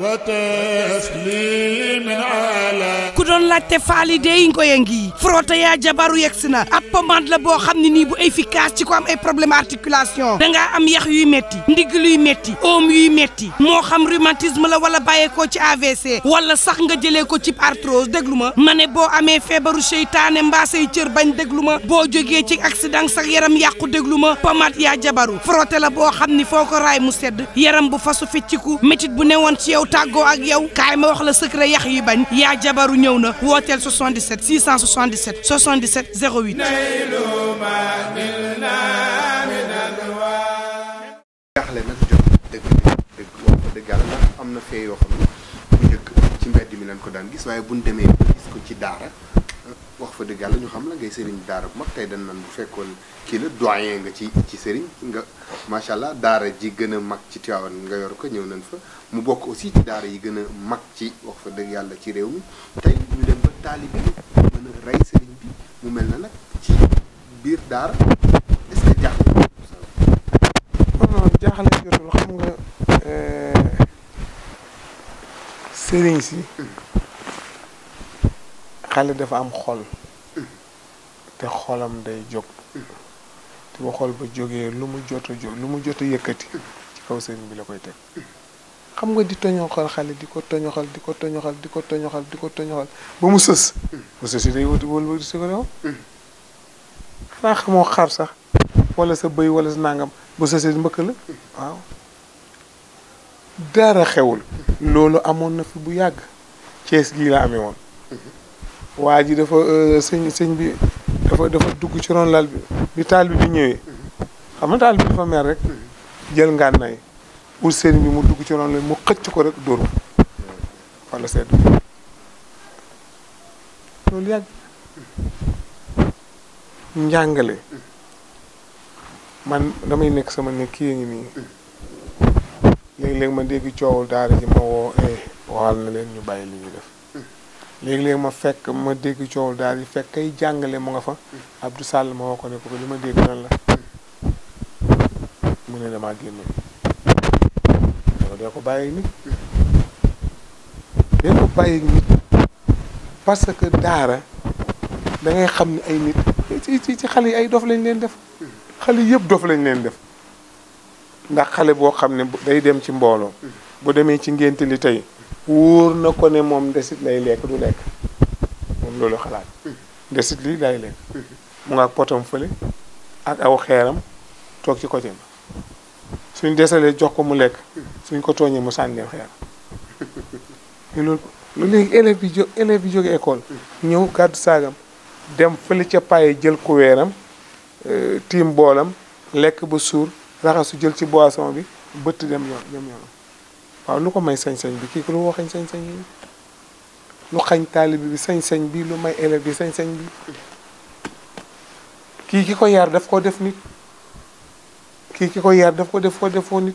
وتسليم على doon laajte faali dey ngi frotté yaa jabaru yegsi na ab pommade la boo xam ne nii bu efficace ci ko am ay problème articulation dangaa am yax yuy metti ndigg luy metti oom yuy metti moo xam rhumatisme la wala bàyyeekoo ci AVC wala sax nga jëlee ko ci arthrose déglu ma ma ne boo amee feebaru seytaane mbaasay cër bañ déglu ma boo jógee ci accident sax yaram yàqu déglu ma pommade yaa jabaru frotté la boo xam ni foo ko raay mu sedd yaram bu fasu fecciku métit bu newoon ci yow tàggoo ak yow kaay ma wax la secret yax yi bañ yaa jabaru ñëw na la wooteel 77 677 77 08. jaaxle nag jot dëgg dëgg wax dëgg yàlla ndax am na fee yoo xam ne ci mbedd mi lañ ko daan gis waaye buñ demee ba gis ko ci daara eh, wax fa dëgg yàlla ñu xam la ngay sëriñ daara bu mag tey dañ nan bu fekkoon kii la doyen nga ci ci sëriñ nga macha allah daara ji gën a mag ci Tiwaawan nga yor ko ñëw nañ fa mu bokk aussi ci daara yi gën a mag ci wax fa dëgg yàlla ci réew mi tey taalibe bi mën bi mu mel na biir daara est-ce que jaaxle jotul xam nga euh, sëriñ si xale dafa am xol te xolam day jóg te bu xol ba jógee lu mu jot a jóg lu mu jot a yëkkati ci kaw sëriñ bi la koy teg xam nga di toñoxal xale di ko toñoxal di ko toñoxal di ko toñoxal di ko toñoxal ba mu sës. mu sës yi day wëti wëlbati si ko defoon. xanaa xamoo xar sax wala sa bëy wala sa nangam bu sësee mbëkk la waaw. dara xewul. loolu amoon na fi bu yàgg. Cees gii la amee woon. waa ji dafa euh, sëñ sëñ bi dafa dafa dugg ci ron lal bi bi taal bi di ñëwee. xam nga taal bi dafa mer rek. jël ngànnaay. wut sëriñ bi mu dugg ci ron la mu xëcc ko rek dóor ko fan la sedd loolu yàgg njàngale man damay nekk sama ne kii ngi nii léegi-léegi ma dégg coowul daara ji ma woo eh, waxal na leen ñu bàyyi li ñuy def léegi-léegi ma fekk ma dégg coowul daara ji fekk kay jàngale mu nga fa Abdou Sall ma woo ko ne ko li ma dégg nan la mu ne damaa génnoon dee ko bàyyi nit bàyyi nit parce que daara dangay xam ni ay nit ci ci ci xale yi ay dof lañ leen def xale yëpp dof lañ leen def ndax xale boo xam ne day dem ci mbooloo bu demee ci ngénte li tey wóor na ko ne moom ndesit lay lekk du lekk moom loolu xalaat ndesit lii lay lekk mu nga ak potam fële ak aw xeeram toog ci côté ba suñ desalee jox ko mu lekk suñ ko tooñee mu sànni xeer mais loolu léegi élève bi jó élève bi jóge école ñëw gàddu saagam dem fële ca paye jël ku weeram euh, tiim boolam lekk ba suur raxasu jël ci boisson bi bëtt dem yoon yoon waaw lu ko may sañ-sañ bi kii ko lu ko xañ sañ-sañ bi lu xañ taalibi bi sañ-sañ bi lu may élève bi sañ-sañ bi kii ki ko yar daf ko def nit kii ki ko yar daf ko def ko defoo nit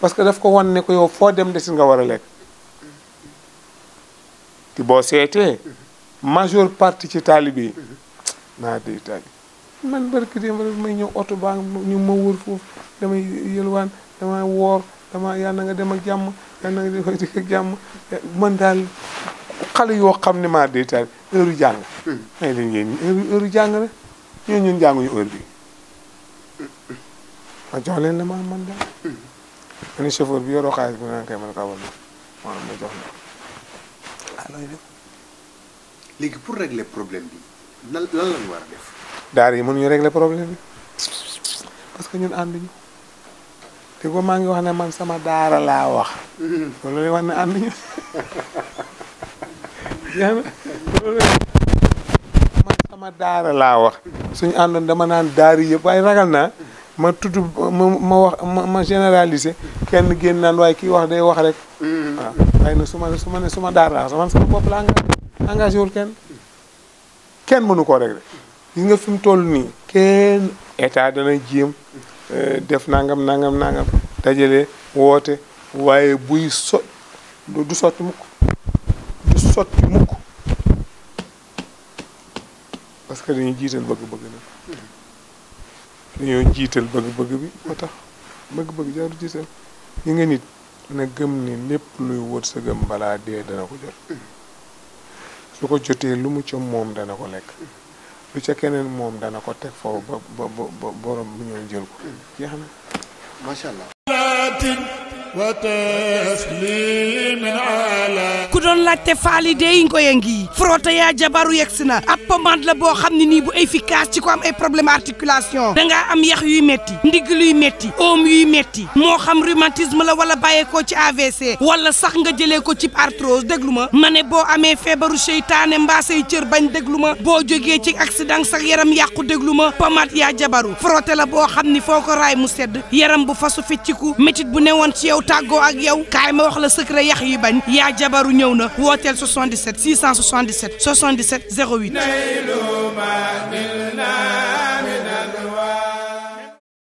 parce que daf ko wan ko yow foo dem desit nga war a lekk ti boo seetee majeure partie ci taali bi naa day man barki démb rek may ñëw ñu ma wër foofu damay yëlwaan dama woor dama yàlla nga dem ak jàmm yàlla nga dem ak jàmm man daal xale yoo xam ne maa day taalibe heure jàng may leen yéen heure jàng rek ñoo ñun jànguñu heure bi ma jox la ma man mu ne chauffeur bi yoro xalis bu ma kay man kawal ma maanaam jox na ala ah, looy def. pour régler problème bi lan lan war def. daara yi mënuñu régler problème bi parce que ñun ànduñu te ko ma ngi wax ne man sama daara mhm. la wax. loolu lay wax ne ànduñu. yàlla loolu sama daara la wax. suñu àndoon dama nan daara yëpp waaye ragal na ma tudd ma ma wax ma ma généraliser kenn génn naan waaye kii wax day wax rek. Mm-hmm. waaw waaye nag su ma ne suma ma daar laa man sama bopp la engagé kenn kenn mënu koo régler gis nga fi mu toll nii kenn état dana jéem euh, def nangam nangam nangam dajale woote waaye buy so du sotti mukk du sotti mukk parce que dañuy jiital bëgg-bëgg na mm-hmm. dañoo jiital bëgg-bëgg bi moo tax bëgg-bëgg jaru jiital yi nga nit na gëm ni lépp luy wërsëgam balaa dee dana ko jot su ko jotee lu mu ca moom dana ko lekk lu ca keneen moom dana ko teg foofu ba ba ba borom bu ñëw jël ko jeex na macha allah ku doon laajte faali dey ngoye ngi frotté yaa jabaru yegsi na ab pommade la boo xam ne nii bu efficace ci ko am ay problème articulation dangaa am yax yuy metti ndigg luy metti oom yuy metti moo xam rhumatisme la wala bàyyeekoo ci AVC wala sax nga jëlee ko ci arthrose déglu ma ma ne boo amee feebaru seytaane mbaasay cër bañ déglu ma boo jógee ci accident sax yaram yàqu déglu ma pommade yaa jabaru frotté la boo xam ni foo ko raay mu sedd yaram bu fasu fecciku métit bu newoon ci yow tàggoo ak yow kaay ma wax la secret yax yi bañ yaa jabaru ñëw na wooteel 77 677 77 08